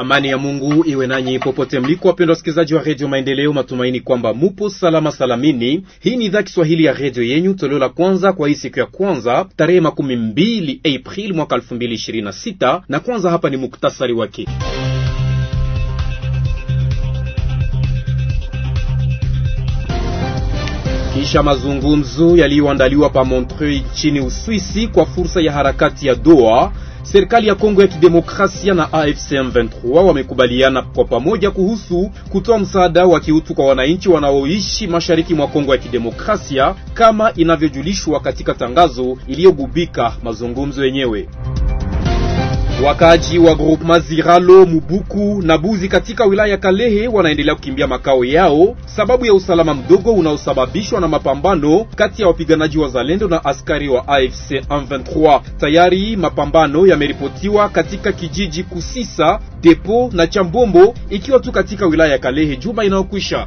Amani ya Mungu iwe nanyi popote mliko, wapendwa wasikilizaji wa redio Maendeleo. Matumaini kwamba mupo salama salamini. Hii ni idhaa Kiswahili ya redio yenyu, toleo la kwanza kwa hii siku ya kwanza tarehe makumi mbili Aprili mwaka elfu mbili ishirini na sita. Na kwanza hapa ni muktasari wake. Kisha mazungumzo yaliyoandaliwa pa Montreux chini Uswisi kwa fursa ya harakati ya Doha Serikali ya Kongo ya Kidemokrasia na AFC M23 wamekubaliana kwa pamoja kuhusu kutoa msaada wa kiutu kwa wananchi wanaoishi mashariki mwa Kongo ya Kidemokrasia kama inavyojulishwa katika tangazo iliyogubika mazungumzo yenyewe. Wakaaji wa groupema Ziralo, Mubuku na Buzi katika wilaya Kalehe wanaendelea kukimbia makao yao sababu ya usalama mdogo unaosababishwa na mapambano kati ya wapiganaji wa Zalendo na askari wa AFC M23. Tayari mapambano yameripotiwa katika kijiji Kusisa, Depo na Chambombo ikiwa tu katika wilaya ya Kalehe juma inayokwisha.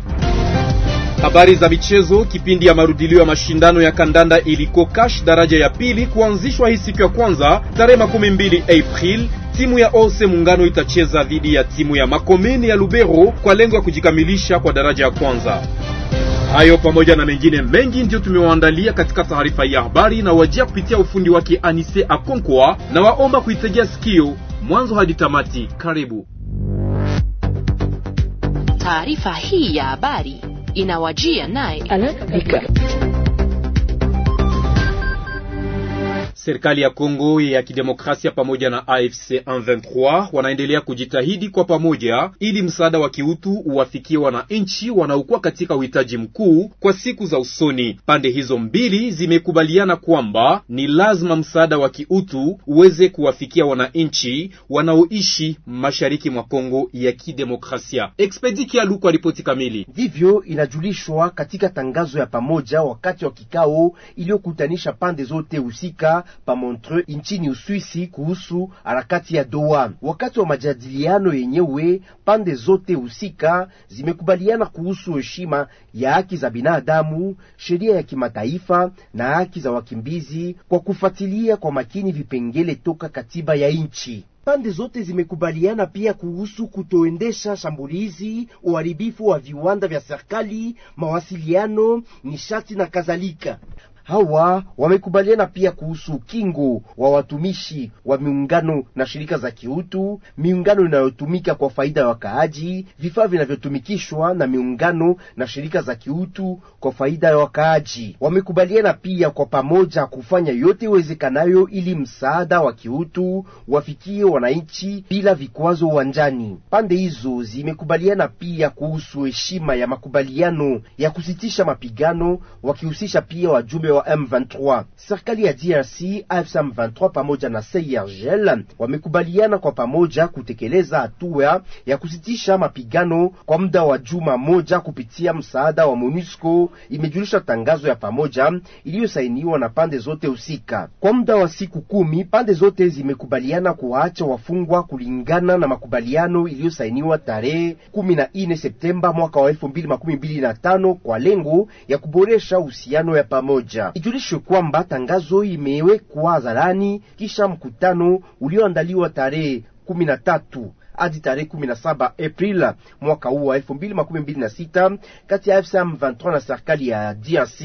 Habari za michezo. Kipindi ya marudilio ya mashindano ya kandanda iliko kash daraja ya pili kuanzishwa hii siku ya kwanza tarehe makumi mbili April. Timu ya Ose Muungano itacheza dhidi ya timu ya Makomeni ya Lubero kwa lengo ya kujikamilisha kwa daraja ya kwanza. Hayo pamoja na mengine mengi ndiyo tumewaandalia katika taarifa ya habari, na wajia kupitia ufundi wake Anise Akonkwa, na waomba kuitegea sikio mwanzo hadi tamati. Karibu taarifa hii ya habari inawajia naye Serikali ya Kongo ya Kidemokrasia pamoja na AFC 23 wanaendelea kujitahidi kwa pamoja ili msaada wa kiutu uwafikie wananchi wanaokuwa katika uhitaji mkuu kwa siku za usoni. Pande hizo mbili zimekubaliana kwamba ni lazima msaada wa kiutu uweze kuwafikia wananchi wanaoishi mashariki mwa Kongo ya Kidemokrasia. Expedi Kialuko, ripoti kamili. Ndivyo inajulishwa katika tangazo ya pamoja wakati wa kikao iliyokutanisha pande zote husika pa Montreux nchini Uswisi kuhusu harakati ya Doha. Wakati wa majadiliano yenyewe, pande zote husika zimekubaliana kuhusu heshima ya haki za binadamu, sheria ya kimataifa na haki za wakimbizi kwa kufuatilia kwa makini vipengele toka katiba ya nchi. Pande zote zimekubaliana pia kuhusu kutoendesha shambulizi, uharibifu wa viwanda vya serikali, mawasiliano, nishati na kadhalika. Hawa wamekubaliana pia kuhusu ukingo wa watumishi wa miungano na shirika za kiutu, miungano inayotumika kwa faida ya wakaaji, vifaa vinavyotumikishwa na miungano na shirika za kiutu kwa faida ya wakaaji. Wamekubaliana pia kwa pamoja kufanya yote iwezekanayo ili msaada wa kiutu wafikie wananchi bila vikwazo uwanjani. Pande hizo zimekubaliana pia kuhusu heshima ya makubaliano ya kusitisha mapigano, wakihusisha pia wajumbe wa M23. Serikali ya DRC, AFC/M23 pamoja na CIRGL wamekubaliana kwa pamoja kutekeleza hatua ya kusitisha mapigano kwa muda wa juma moja kupitia msaada wa MONUSCO, imejulisha tangazo ya pamoja iliyosainiwa na pande zote husika. Kwa muda wa siku kumi, pande zote zimekubaliana kuwaacha wafungwa kulingana na makubaliano iliyosainiwa tarehe 14 Septemba mwaka wa 2025 kwa lengo ya kuboresha uhusiano ya pamoja moja. Ijulishwe kwamba tangazo imewekwa hadharani kisha mkutano ulioandaliwa tarehe kumi na tatu hadi tarehe 17 April mwaka huu wa 2026 kati ya AFC M23 na serikali ya DRC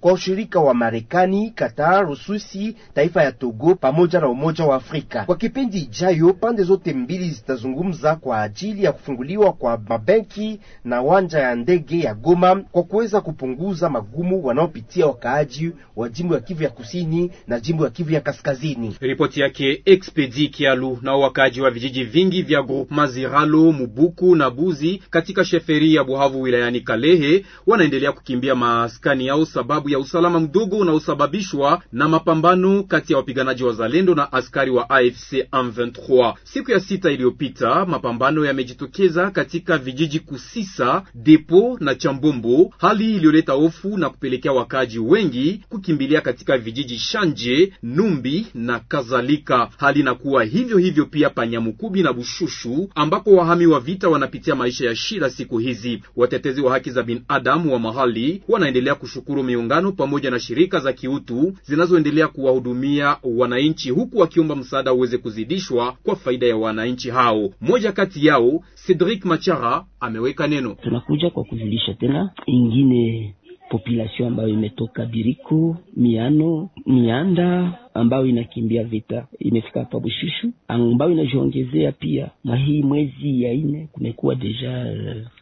kwa ushirika wa Marekani, Qatar, Uswisi, taifa ya Togo pamoja na Umoja wa Afrika. Kwa kipindi ijayo, pande zote mbili zitazungumza kwa ajili ya kufunguliwa kwa mabenki na wanja ya ndege ya Goma kwa kuweza kupunguza magumu wanaopitia wakaaji wa jimbo ya Kivu ya Kusini na jimbo ya Kivu ya Kaskazini. Ripoti yake Expedi Kialu. Na wakaaji wa vijiji vingi vya Maziralo, Mubuku na Buzi katika sheferi ya Buhavu wilayani Kalehe wanaendelea kukimbia maaskani yao sababu ya usalama mdogo unaosababishwa na mapambano kati ya wapiganaji wa Zalendo na askari wa AFC M23. Siku ya sita iliyopita mapambano yamejitokeza katika vijiji Kusisa, Depo na Chambombo, hali iliyoleta hofu na kupelekea wakaaji wengi kukimbilia katika vijiji Shanje, Numbi na kadhalika. Hali inakuwa hivyo hivyo pia Panyamukubi na Bushushu. Lushu ambako wahami wa vita wanapitia maisha ya shida siku hizi. Watetezi wa haki za binadamu wa mahali wanaendelea kushukuru miungano pamoja na shirika za kiutu zinazoendelea kuwahudumia wananchi, huku wakiomba msaada uweze kuzidishwa kwa faida ya wananchi hao. Mmoja kati yao Cedric Machara ameweka neno: tunakuja kwa kuzidisha tena ingine population ambayo imetoka Biriku, Miano, Mianda ambayo inakimbia vita imefika hapa Bushushu, ambayo inajiongezea pia. na hii mwezi ya nne kumekuwa deja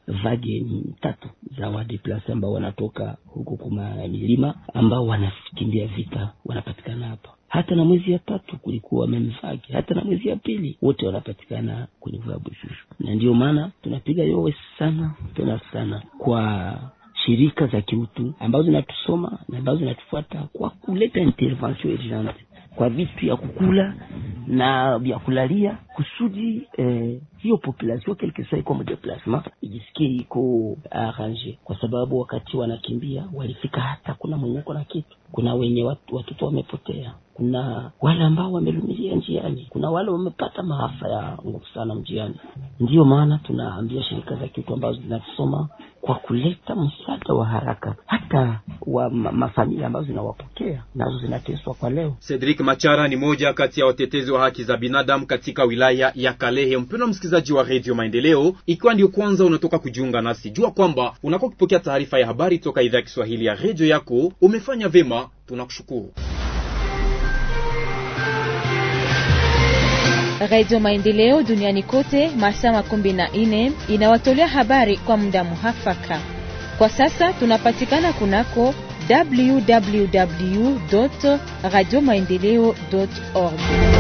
vage tatu za wadeplase ambao wanatoka huko kuma milima ambao wanakimbia vita wanapatikana hapa hata na mwezi ya tatu kulikuwa memvage, hata na mwezi ya pili wote wanapatikana kwenye vua Bushushu, na ndiyo maana tunapiga yowe sana tena sana kwa shirika za kiutu ambazo zinatusoma na ambazo zinatufuata kwa kuleta intervention urgente kwa vitu ya kukula na vya kulalia kusudi eh, hiyo population quelque soit iko mdeplasement ijisikie iko arrange, kwa sababu wakati wanakimbia walifika hata kuna mwenyeko na kitu, kuna wenye watu, watoto wamepotea, kuna wale ambao wamelumilia njiani, kuna wale wamepata maafa ya nguvu sana mjiani. Ndiyo maana tunaambia shirika za kitu ambazo zinasoma kwa kuleta msaada wa haraka, hata wa mafamilia ambazo zinawapokea nazo zinateswa kwa leo. Cedric Machara ni moja kati ya watetezi wa haki za binadamu katika wilaya ya Kalehe. Mpendwa msikilizaji wa Radio Maendeleo, ikiwa ndio kwanza unatoka kujiunga nasi, jua kwamba unakuwa ukipokea taarifa ya habari toka idhaa ya Kiswahili ya redio yako. Umefanya vema tunakushukuru. Radio Maendeleo duniani kote masaa makumi na inawatolea habari kwa muda muhafaka. Kwa sasa tunapatikana kunako www radio maendeleo org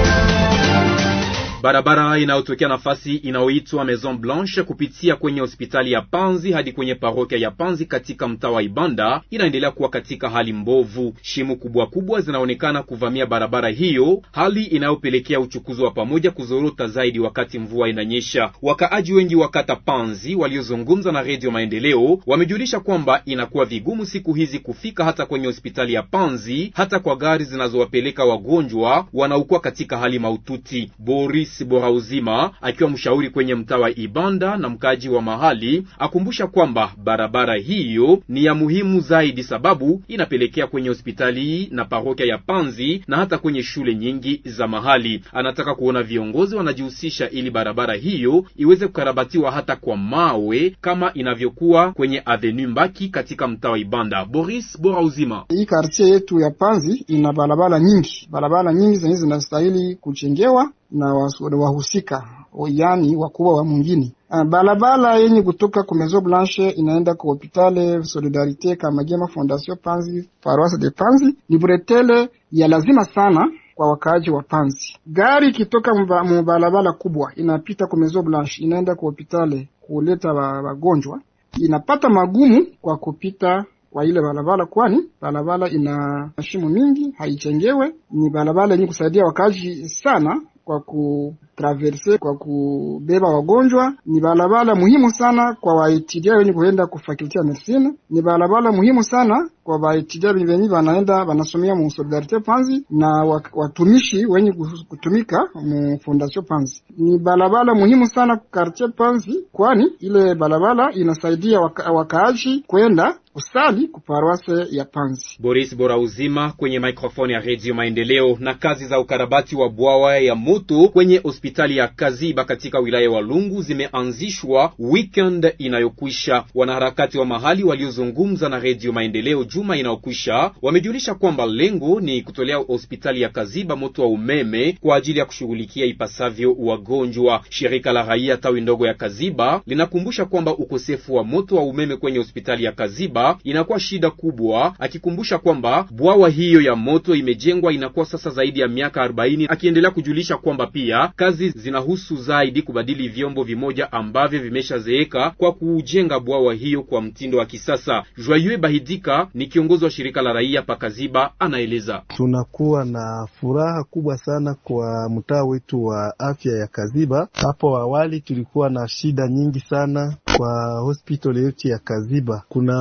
Barabara inayotokea nafasi inayoitwa Maison Blanche kupitia kwenye hospitali ya Panzi hadi kwenye parokia ya Panzi katika mtaa wa Ibanda inaendelea kuwa katika hali mbovu. Shimo kubwa kubwa zinaonekana kuvamia barabara hiyo, hali inayopelekea uchukuzi wa pamoja kuzorota zaidi wakati mvua inanyesha. Wakaaji wengi wa kata Panzi waliozungumza na Redio Maendeleo wamejulisha kwamba inakuwa vigumu siku hizi kufika hata kwenye hospitali ya Panzi, hata kwa gari zinazowapeleka wagonjwa wanaokuwa katika hali mahututi. Boris Bora Uzima akiwa mshauri kwenye mtaa wa Ibanda na mkaji wa mahali, akumbusha kwamba barabara hiyo ni ya muhimu zaidi, sababu inapelekea kwenye hospitali na parokia ya Panzi na hata kwenye shule nyingi za mahali. Anataka kuona viongozi wanajihusisha ili barabara hiyo iweze kukarabatiwa hata kwa mawe kama inavyokuwa kwenye Avenue Mbaki katika mtaa wa Ibanda. Boris uzima hii kartie yetu ya Panzi ina barabara nyingi, barabara nyingi zenye zinastahili kuchengewa na wahusika yani wakubwa wa mwingine. Ah, barabara yenye kutoka ku Maison Blanche inaenda ku Hopitale Solidarite Kamagema Fondation Panzi Paroisse de Panzi ni buretele ya lazima sana kwa wakaaji wa Panzi. Gari ikitoka mubarabara kubwa inapita ku Maison Blanche inaenda ku Hopitale kuleta wagonjwa, inapata magumu kwa kupita wa ile barabara, kwani barabara ina mashimo mingi, haichengewe Ni barabara yenye kusaidia wakaaji sana 瓜菇。traverse kwa kubeba wagonjwa. Ni barabara muhimu sana kwa waitidia wenye kuenda kufakulti ya medicine. Ni barabara muhimu sana kwa baitidia wenye wanaenda wanasomea mu Solidarite Panzi na watumishi wenye kutumika mu Fondation Panzi. Ni barabara muhimu sana quartier Panzi, kwani ile barabara inasaidia waka, wakaaji kwenda usali kuparwase ya Panzi. Boris Bora Uzima kwenye mikrofoni ya Redio Maendeleo. Na kazi za ukarabati wa bwawa ya Mutu kwenye hospitali hospitali ya Kaziba katika wilaya wa Lungu zimeanzishwa weekend inayokwisha. Wanaharakati wa mahali waliozungumza na Redio Maendeleo juma inayokwisha wamejulisha kwamba lengo ni kutolea hospitali ya Kaziba moto wa umeme kwa ajili ya kushughulikia ipasavyo wagonjwa. Shirika la raia tawi ndogo ya Kaziba linakumbusha kwamba ukosefu wa moto wa umeme kwenye hospitali ya Kaziba inakuwa shida kubwa, akikumbusha kwamba bwawa hiyo ya moto imejengwa inakuwa sasa zaidi ya miaka 40, akiendelea kujulisha kwamba pia kazi kazi zinahusu zaidi kubadili vyombo vimoja ambavyo vimeshazeeka kwa kujenga bwawa hiyo kwa mtindo wa kisasa. Joyeux Bahidika ni kiongozi wa shirika la raia Pakaziba, anaeleza. Tunakuwa na furaha kubwa sana kwa mtaa wetu wa afya ya Kaziba. Hapo awali tulikuwa na shida nyingi sana kwa hospitali yetu ya Kaziba. Kuna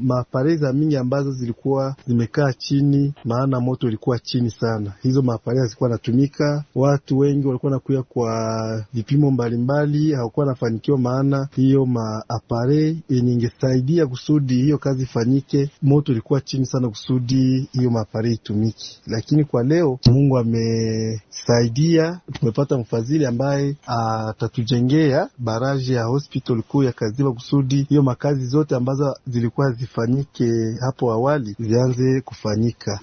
mapareza mingi ambazo zilikuwa zimekaa chini, maana moto ilikuwa chini sana. Hizo mapareza zilikuwa natumika, watu wengi walikuwa nakuya kuja kwa vipimo mbalimbali hakuwa nafanikiwa, maana hiyo maapare yenye ingesaidia kusudi hiyo kazi ifanyike, moto ilikuwa chini sana kusudi hiyo maapare itumiki. Lakini kwa leo Mungu amesaidia, tumepata mfadhili ambaye atatujengea baraji ya hospital kuu ya Kaziba kusudi hiyo makazi zote ambazo zilikuwa zifanyike hapo awali zianze kufanyika.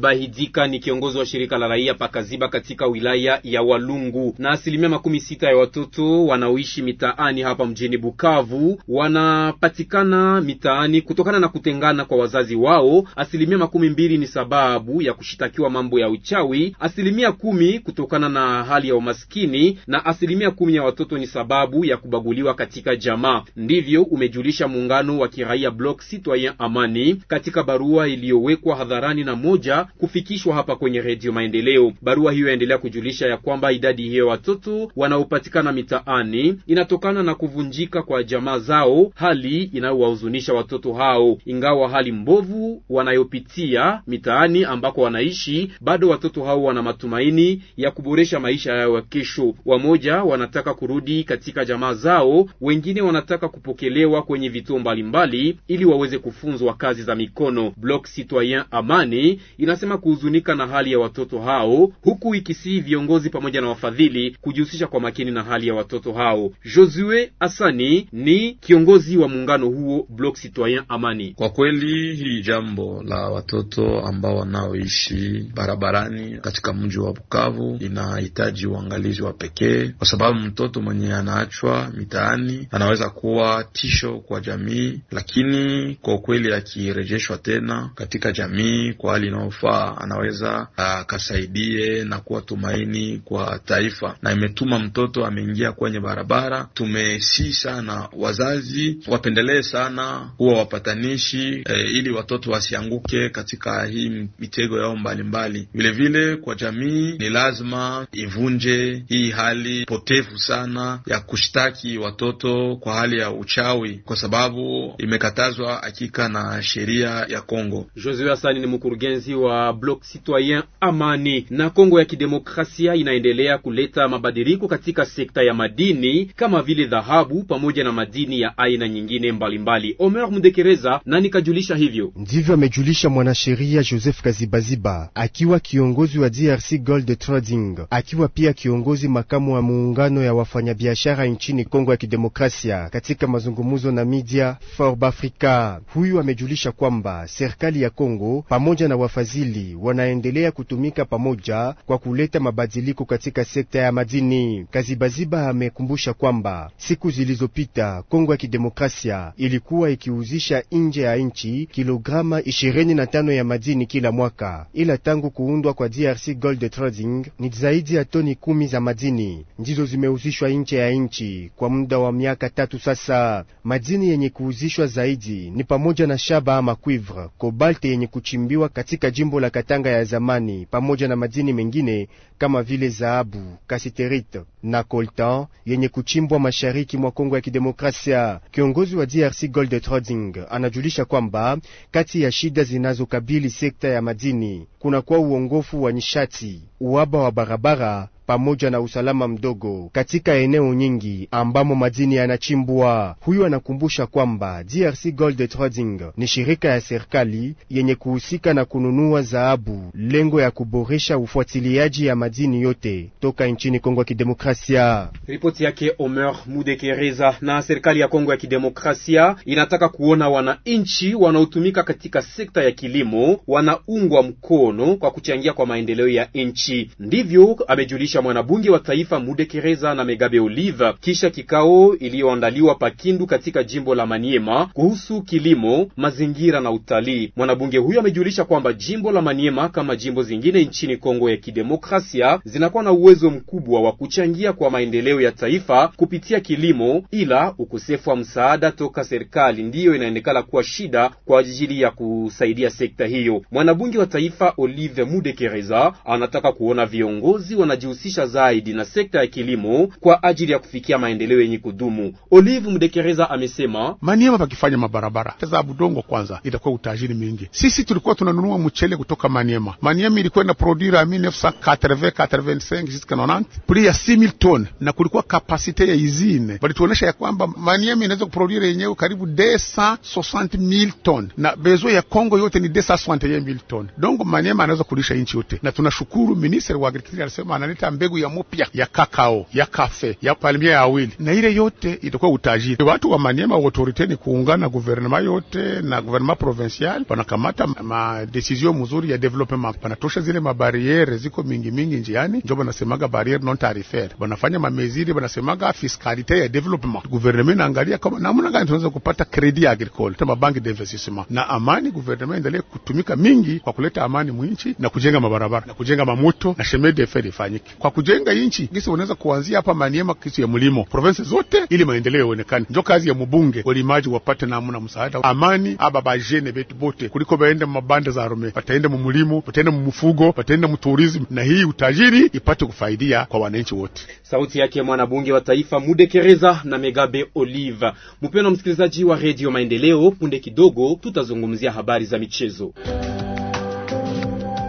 Bahidika ni kiongozi wa shirika la raia pakaziba katika wilaya ya Walungu siku, na asilimia makumi sita ya watoto wanaoishi mitaani hapa mjini Bukavu wanapatikana mitaani kutokana na kutengana kwa wazazi wao. Asilimia makumi mbili ni sababu ya kushitakiwa mambo ya uchawi, asilimia kumi kutokana na hali ya umaskini, na asilimia kumi ya watoto ni sababu ya kubaguliwa katika jamaa. Ndivyo umejulisha muungano wa kiraia Bloc Citoyen Amani katika barua iliyowekwa hadharani na moja kufikishwa hapa kwenye Redio Maendeleo. Barua hiyo yaendelea kujulisha ya kwamba idadi hiyo watoto wanaopatikana mitaani inatokana na kuvunjika kwa jamaa zao, hali inayowahuzunisha watoto hao. Ingawa hali mbovu wanayopitia mitaani ambako wanaishi, bado watoto hao wana matumaini ya kuboresha maisha yao ya kesho. Wamoja wanataka kurudi katika jamaa zao, wengine wanataka kupokelewa kwenye vituo mbalimbali ili waweze kufunzwa kazi za mikono. Bloc Citoyen Amani inasema kuhuzunika na hali ya watoto hao, huku ikisii viongozi pamoja na wafadhili wafadhili kujihusisha kwa makini na hali ya watoto hao. Josue Asani ni kiongozi wa muungano huo Bloc Citoyen Amani. Kwa kweli hii jambo la watoto ambao wanaoishi barabarani katika mji wa Bukavu inahitaji uangalizi wa pekee, kwa sababu mtoto mwenye anaachwa mitaani anaweza kuwa tisho kwa jamii, lakini kwa ukweli akirejeshwa tena katika jamii kwa hali inayofaa anaweza ah, akasaidie na kuwa tumaini kwa taifa taifa, na imetuma mtoto ameingia kwenye barabara. Tumesii sana wazazi wapendelee sana kuwa wapatanishi e, ili watoto wasianguke katika hii mitego yao mbalimbali. Vilevile kwa jamii ni lazima ivunje hii hali potevu sana ya kushtaki watoto kwa hali ya uchawi, kwa sababu imekatazwa hakika na sheria ya Kongo. Josue Asani ni mkurugenzi wa Bloc Citoyen Amani. Na Kongo ya Kidemokrasia inaendelea ku kuleta mabadiliko katika sekta ya madini kama vile dhahabu pamoja na madini ya aina nyingine mbalimbali. Omer Mdekereza na nikajulisha hivyo, ndivyo amejulisha mwanasheria Joseph Kazibaziba akiwa kiongozi wa DRC Gold Trading, akiwa pia kiongozi makamu wa muungano ya wafanyabiashara nchini Kongo ya Kidemokrasia. Katika mazungumzo na media Forb Africa, huyu amejulisha kwamba serikali ya Kongo pamoja na wafadhili wanaendelea kutumika pamoja kwa kuleta mabadiliko katika sekta sekta ya madini. Kazibaziba amekumbusha kwamba siku zilizopita Kongo ya Kidemokrasia ilikuwa ikiuzisha nje ya nchi kilograma 25 ya madini kila mwaka, ila tangu kuundwa kwa DRC Gold Trading ni zaidi ya toni kumi za madini ndizo zimeuzishwa nje ya nchi kwa muda wa miaka tatu sasa. Madini yenye kuuzishwa zaidi ni pamoja na shaba ama cuivre, kobalte yenye kuchimbiwa katika jimbo la Katanga ya zamani pamoja na madini mengine kama vile dhahabu. Kasiterite na coltan yenye kuchimbwa mashariki mwa Kongo ya Kidemokrasia. Kiongozi wa DRC Gold Trading anajulisha kwamba kati ya shida zinazokabili sekta ya madini kuna kwa uongofu wa nishati, uhaba wa barabara pamoja na usalama mdogo katika eneo nyingi ambamo madini yanachimbwa. Huyu anakumbusha kwamba DRC Gold Trading ni shirika ya serikali yenye kuhusika na kununua dhahabu, lengo ya kuboresha ufuatiliaji ya madini yote toka nchini Kongo ya Kidemokrasia. Ripoti yake Omer Mudekereza. Na serikali ya Kongo ya Kidemokrasia inataka kuona wananchi wanaotumika katika sekta ya kilimo wanaungwa mkono kwa kuchangia kwa maendeleo ya nchi, ndivyo amejulisha cha mwanabunge wa taifa mude kereza na Megabe Olive kisha kikao iliyoandaliwa Pakindu katika jimbo la Maniema kuhusu kilimo, mazingira na utalii. Mwanabunge huyo amejulisha kwamba jimbo la Maniema kama jimbo zingine nchini Kongo ya Kidemokrasia zinakuwa na uwezo mkubwa wa kuchangia kwa maendeleo ya taifa kupitia kilimo, ila ukosefu wa msaada toka serikali ndiyo inaonekana kuwa shida kwa ajili ya kusaidia sekta hiyo. Mwanabunge wa taifa Olive mude kereza anataka kuona viongozi wanajihusisha kujihusisha zaidi na sekta ya kilimo kwa ajili ya kufikia maendeleo yenye kudumu. Olive Mdekereza amesema Maniema pakifanya mabarabara za budongo kwanza itakuwa utajiri mingi. Sisi tulikuwa tunanunua mchele kutoka Maniema. Maniema ilikuwa na produire a 1985 jusqu'à 90 plus ya 6000 ton, na kulikuwa kapasite ya izine, walituonesha ya kwamba Maniema inaweza kuproduire yenyewe karibu 260000 ton na bezo ya Kongo yote ni 261000 ton, Donc Maniema anaweza kulisha inchi yote, na tunashukuru ministre wa agriculture alisema analeta mbegu ya mupya ya kakao ya kafe ya palmia ya awili, na ile yote itakuwa utajiri. Watu wa Maniema autorite ni kuungana guvernema yote na guvernema provincial, panakamata ma decision mzuri ya development, panatosha zile mabariere ziko mingi mingi njiani, njo banasemaga barriere non tarifaire, banafanya mameziri, banasemaga fiscalite ya development. Guvernema inaangalia kama namna gani tunaweza kupata credit ya agricole ta mabanki d'investissement na amani. Guvernema endelee kutumika mingi kwa kuleta amani mwinchi na kujenga mabarabara na kujenga mamuto na shemede fedi ifanyike kwa kujenga nchi gisi, unaweza kuanzia hapa Maniema kisu ya mlimo province zote, ili maendeleo yaonekane. Njo kazi ya mbunge, walimaji wapate namna msaada amani, aba bajene betu bote, kuliko baende mabanda za arume bataende mu mulimo, bataende mu mufugo, bataende mu tourism, na hii utajiri ipate kufaidia kwa wananchi wote. Sauti yake mwanabunge wa taifa Mudekereza na Megabe Olive. Mpendwa msikilizaji wa Radio Maendeleo, punde kidogo tutazungumzia habari za michezo.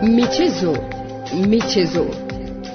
Michezo, michezo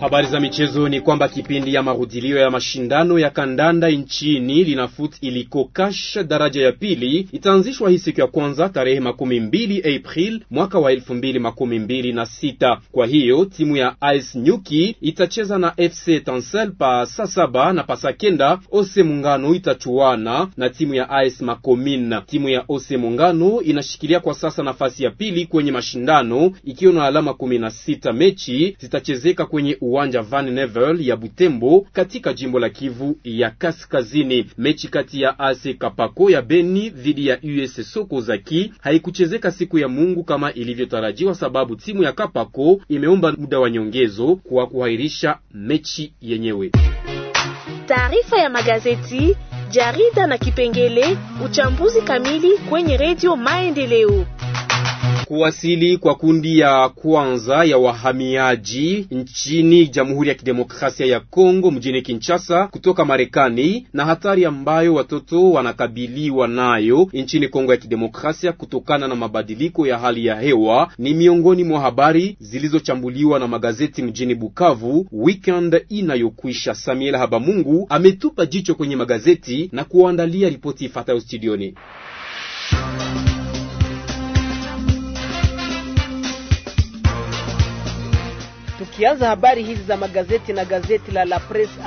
Habari za michezo ni kwamba kipindi ya marudilio ya mashindano ya kandanda nchini linafut iliko kasha daraja ya pili itaanzishwa hii siku ya kwanza tarehe makumi mbili April mwaka wa elfu mbili makumi mbili na sita. Kwa hiyo timu ya Ice Nyuki itacheza na FC Tansel pa saa saba na pasa kenda Ose Mungano itachuana na timu ya Ice Makomin. Timu ya Ose Mungano inashikilia kwa sasa nafasi ya pili kwenye mashindano ikiwa na alama 16. Mechi zitachezeka kwenye uwanja Van Nevel ya Butembo katika jimbo la Kivu ya Kaskazini. Mechi kati ya AS Kapako ya Beni dhidi ya US Soko Zaki haikuchezeka siku ya Mungu kama ilivyotarajiwa, sababu timu ya Kapako imeomba muda wa nyongezo kwa kuahirisha mechi yenyewe. Taarifa ya magazeti, jarida na kipengele uchambuzi kamili kwenye redio Maendeleo kuwasili kwa kundi ya kwanza ya wahamiaji nchini Jamhuri ya Kidemokrasia ya Kongo mjini Kinshasa kutoka Marekani na hatari ambayo watoto wanakabiliwa nayo nchini Kongo ya Kidemokrasia kutokana na mabadiliko ya hali ya hewa ni miongoni mwa habari zilizochambuliwa na magazeti mjini Bukavu weekend inayokwisha. Samuel Habamungu ametupa jicho kwenye magazeti na kuandalia ripoti ifuatayo studioni. Tukianza habari hizi za magazeti na gazeti la La Presse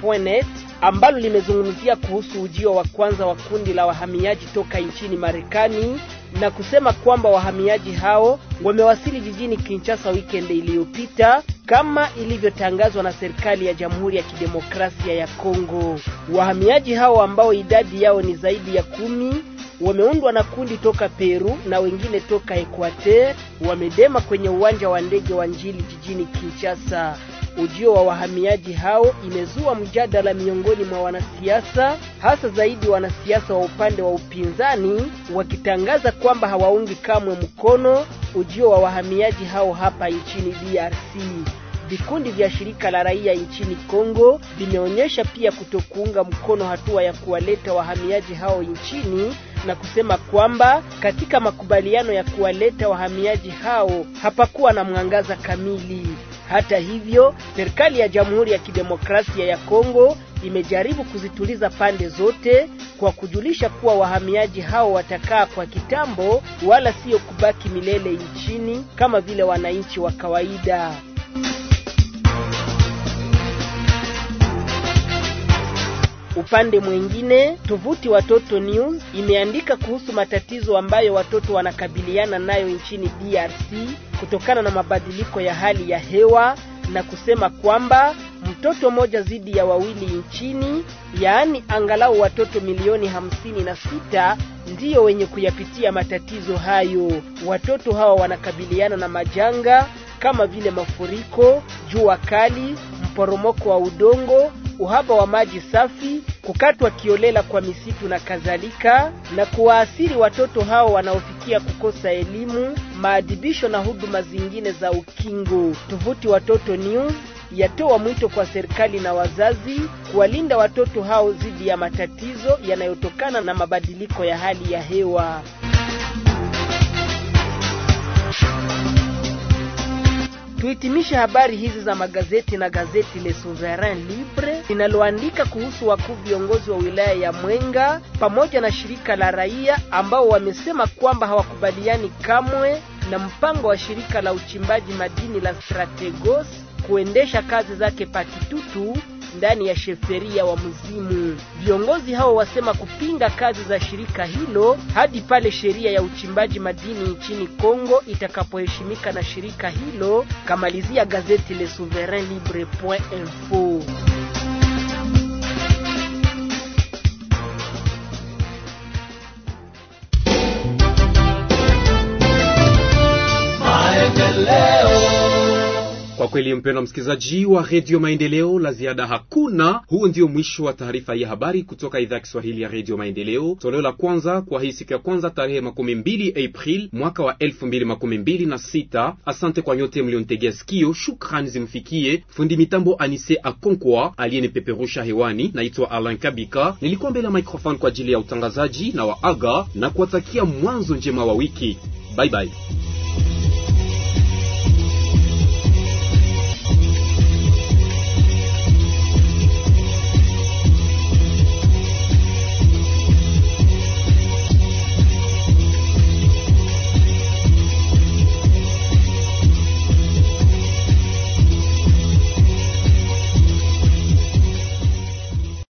Point ambalo limezungumzia kuhusu ujio wa kwanza wa kundi la wahamiaji toka nchini Marekani na kusema kwamba wahamiaji hao wamewasili jijini Kinshasa weekend iliyopita kama ilivyotangazwa na serikali ya Jamhuri ya Kidemokrasia ya Kongo. Wahamiaji hao ambao idadi yao ni zaidi ya kumi wameundwa na kundi toka Peru na wengine toka ekuater wamedema kwenye uwanja wa ndege wa Njili jijini Kinshasa. Ujio wa wahamiaji hao imezua mjadala miongoni mwa wanasiasa, hasa zaidi wanasiasa wa upande wa upinzani, wakitangaza kwamba hawaungi kamwe mkono ujio wa wahamiaji hao hapa nchini DRC. Vikundi vya shirika la raia nchini Kongo vimeonyesha pia kutokuunga mkono hatua ya kuwaleta wahamiaji hao nchini na kusema kwamba katika makubaliano ya kuwaleta wahamiaji hao hapakuwa na mwangaza kamili. Hata hivyo, serikali ya Jamhuri ya Kidemokrasia ya Kongo imejaribu kuzituliza pande zote kwa kujulisha kuwa wahamiaji hao watakaa kwa kitambo wala sio kubaki milele nchini kama vile wananchi wa kawaida. Upande mwingine, tovuti Watoto News imeandika kuhusu matatizo ambayo watoto wanakabiliana nayo nchini DRC kutokana na mabadiliko ya hali ya hewa na kusema kwamba mtoto mmoja zidi ya wawili nchini, yaani angalau watoto milioni hamsini na sita ndiyo wenye kuyapitia matatizo hayo. Watoto hawa wanakabiliana na majanga kama vile mafuriko, jua kali, mporomoko wa udongo, uhaba wa maji safi kukatwa kiolela kwa misitu na kadhalika, na kuwaasiri watoto hao wanaofikia kukosa elimu, maadibisho na huduma zingine za ukingo. Tuvuti Watoto News yatoa mwito kwa serikali na wazazi kuwalinda watoto hao dhidi ya matatizo yanayotokana na mabadiliko ya hali ya hewa. Tuhitimishe habari hizi za magazeti na gazeti Le Souverain Libre linaloandika kuhusu wakuu viongozi wa wilaya ya Mwenga pamoja na shirika la raia ambao wamesema kwamba hawakubaliani kamwe na mpango wa shirika la uchimbaji madini la Strategos kuendesha kazi zake Pakitutu ndani ya sheferia wa mzimu. Viongozi hao wasema kupinga kazi za shirika hilo hadi pale sheria ya uchimbaji madini nchini Kongo itakapoheshimika na shirika hilo, kamalizia gazeti Le Souverain Libre.info. Kwa kweli, mpendwa msikilizaji wa redio Maendeleo, la ziada hakuna. Huu ndio mwisho wa taarifa ya habari kutoka idhaa ya Kiswahili ya redio Maendeleo, toleo la kwanza kwa hii siku ya kwanza tarehe makumi mbili April mwaka wa elfu mbili makumi mbili na sita. Asante kwa nyote mliontegea sikio. Shukrani zimfikie fundi mitambo Anise Akonkwa aliyenipeperusha hewani. Naitwa Alan Kabika, nilikuwa mbele ya microphone kwa ajili ya utangazaji na waaga na kuwatakia mwanzo njema wa wiki. Bye bye.